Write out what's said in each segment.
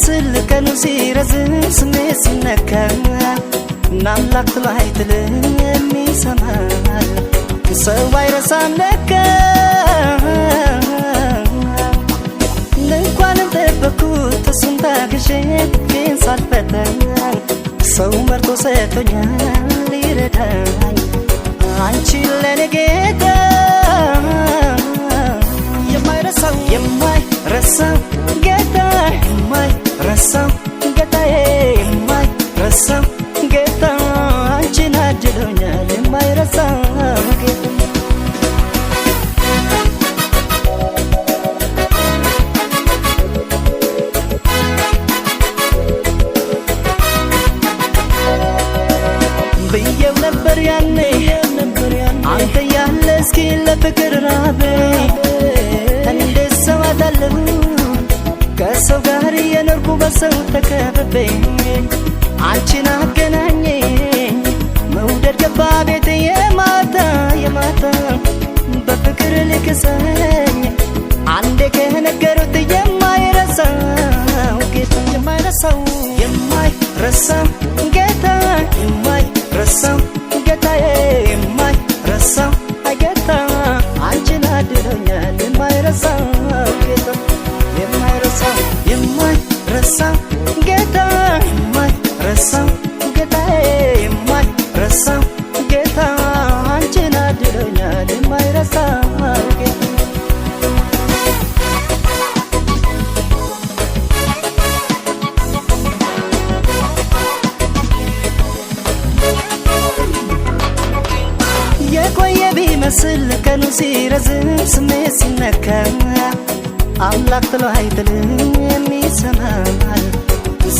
ስልከኑ ሲረዝም ስሜት ሲነካ ናምላክ ላይ ትልም ይሰማል ሰው አይረሳም ለካ እንኳንም ጠበኩት እሱን ታግሼ ግን ሳልፈተን ሰው መርቶ ሰጥቶኛል ይረዳኝ አንቺ ለኔ ጌታ የማይረሳው የማይረሳው ብዬው ነበር ያኔ አንተ ያለ እስኪ ለፍቅር ራበ እንደ ሰው አጣለሁ ከሰው ጋር የኖርኩ በሰው ተከበበኝ አንቺን አገናኘኝ አምላክ ብሎ ኃይልን ይሰማል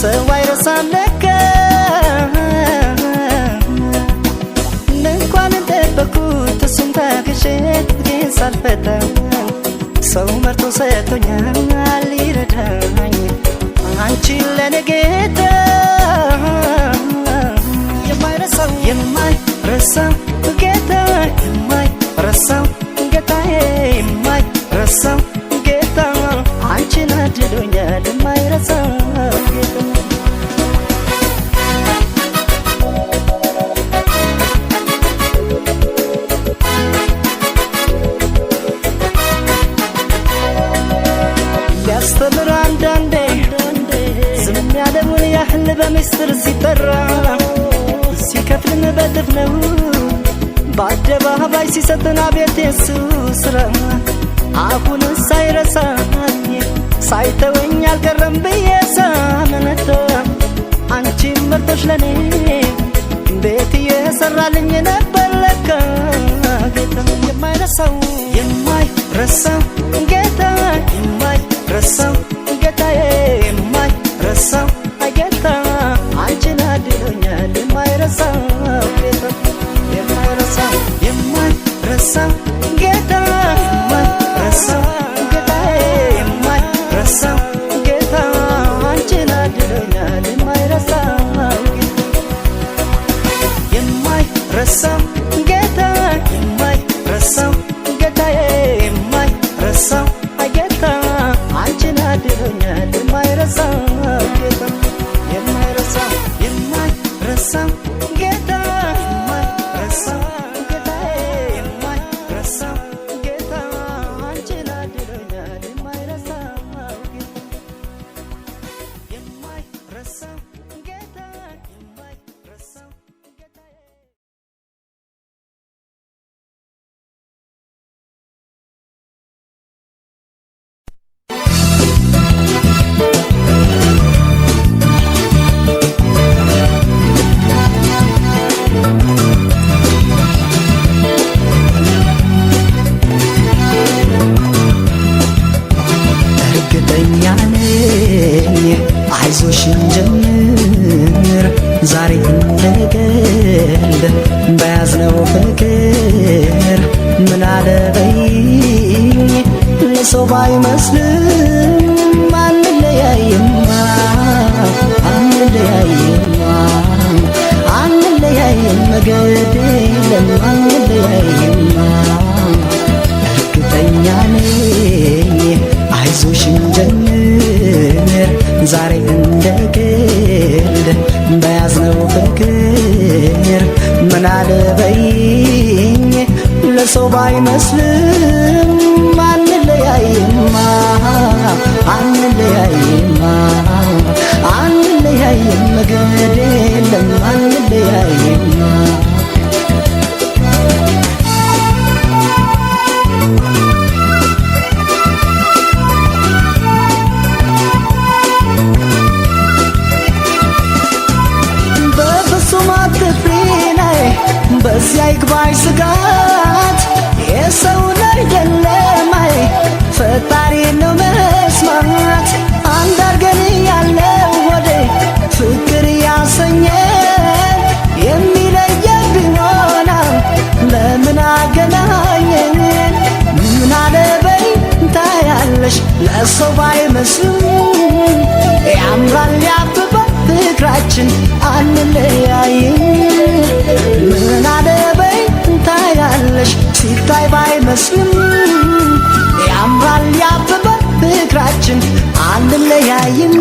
ሰው አይረሳም ለካ እንኳን እንደበኩት እሱን ታግሼ ግን ሳልፈታኝ ሰው መርጦ ሰጥቶኛል ይረዳኝ አንቺ ለኔ ጌታ የማይረሳው የማይረሳው ጌታ የማይረሳው በአደባባይ ሲሰጥና ቤት ስራ አሁን ሳይረሳኝ ሳይተወኝ አልቀረም ብዬ ሳመነታ አንቺ መርጦሽ ለኔ ቤት የሰራልኝ ነበር ለካ ጌታ የማይረሳው የማይረሳው ጌታ የማይረሳው coração. መንገድ ለማለያይማ እርግጠኛ ነኝ። አይዞሽ እንጀምር ዛሬ እንደ ግል በያዝነው ፍቅር ምናለ በይኝ ለሰው ባይመስልም አንለያይማ አንለያይማ አንለያይም መንገድ ስለማንለያየማ ሰው ባይመስልም ያምራል ያብባል ፍቅራችን አንለያይ ምን አለ በይ እንታያለሽ ሲታይ ባይመስልም ያምራል ያብባል ፍቅራችን አንለያይም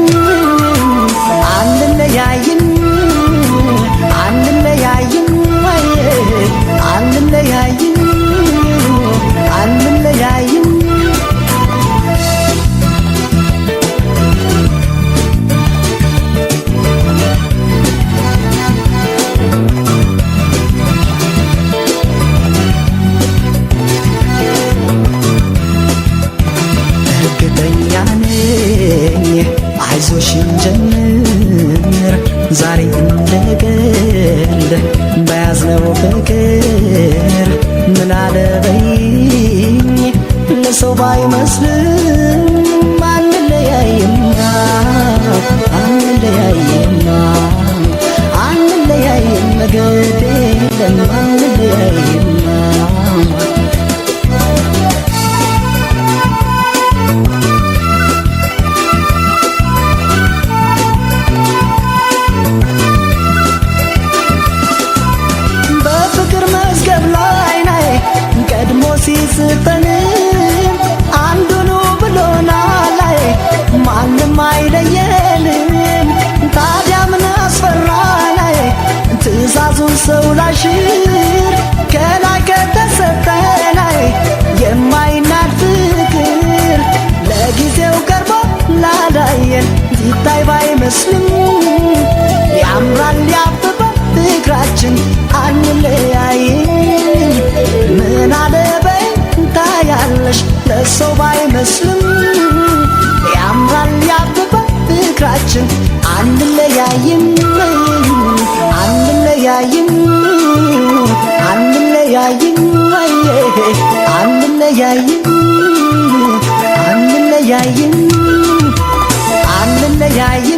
ፍቅር ምን አለበይኝ ለሰው ባይመስልም አንለያይማ አንለያይማ አንለያይም መገዴ አንለያይም ፍቅራችን አንለያይም አንለያይም አንለያይም አንለያይም አንለያይም አንለያይም